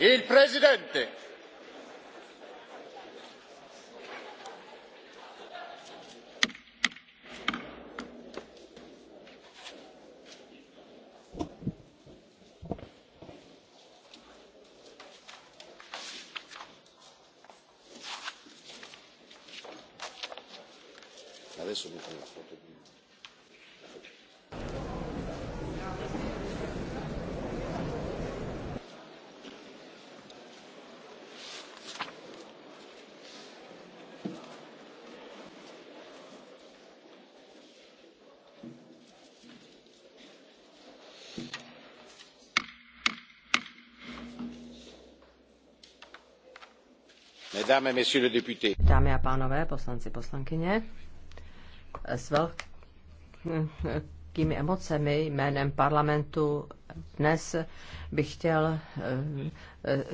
Il presidente. Adesso mi Dámy a pánové, poslanci, poslankyně, s velkými emocemi jménem parlamentu dnes bych chtěl eh, eh,